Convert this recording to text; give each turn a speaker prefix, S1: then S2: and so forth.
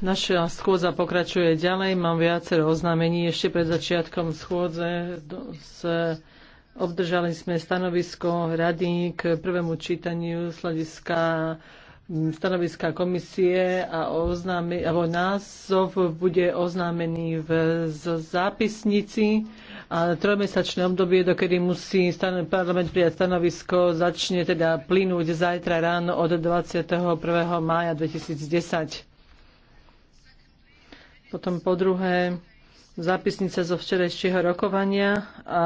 S1: Naša schôdza pokračuje ďalej. Mám viacero oznámení ešte pred začiatkom schôdze. S, obdržali sme stanovisko rady k prvému čítaniu z hľadiska stanoviska komisie a oznáme, alebo názov bude oznámený v zápisnici a trojmesačné obdobie, dokedy musí stan- parlament prijať stanovisko, začne teda plynúť zajtra ráno od 21. mája 2010. Potom po druhé zápisnica zo včerajšieho
S2: rokovania a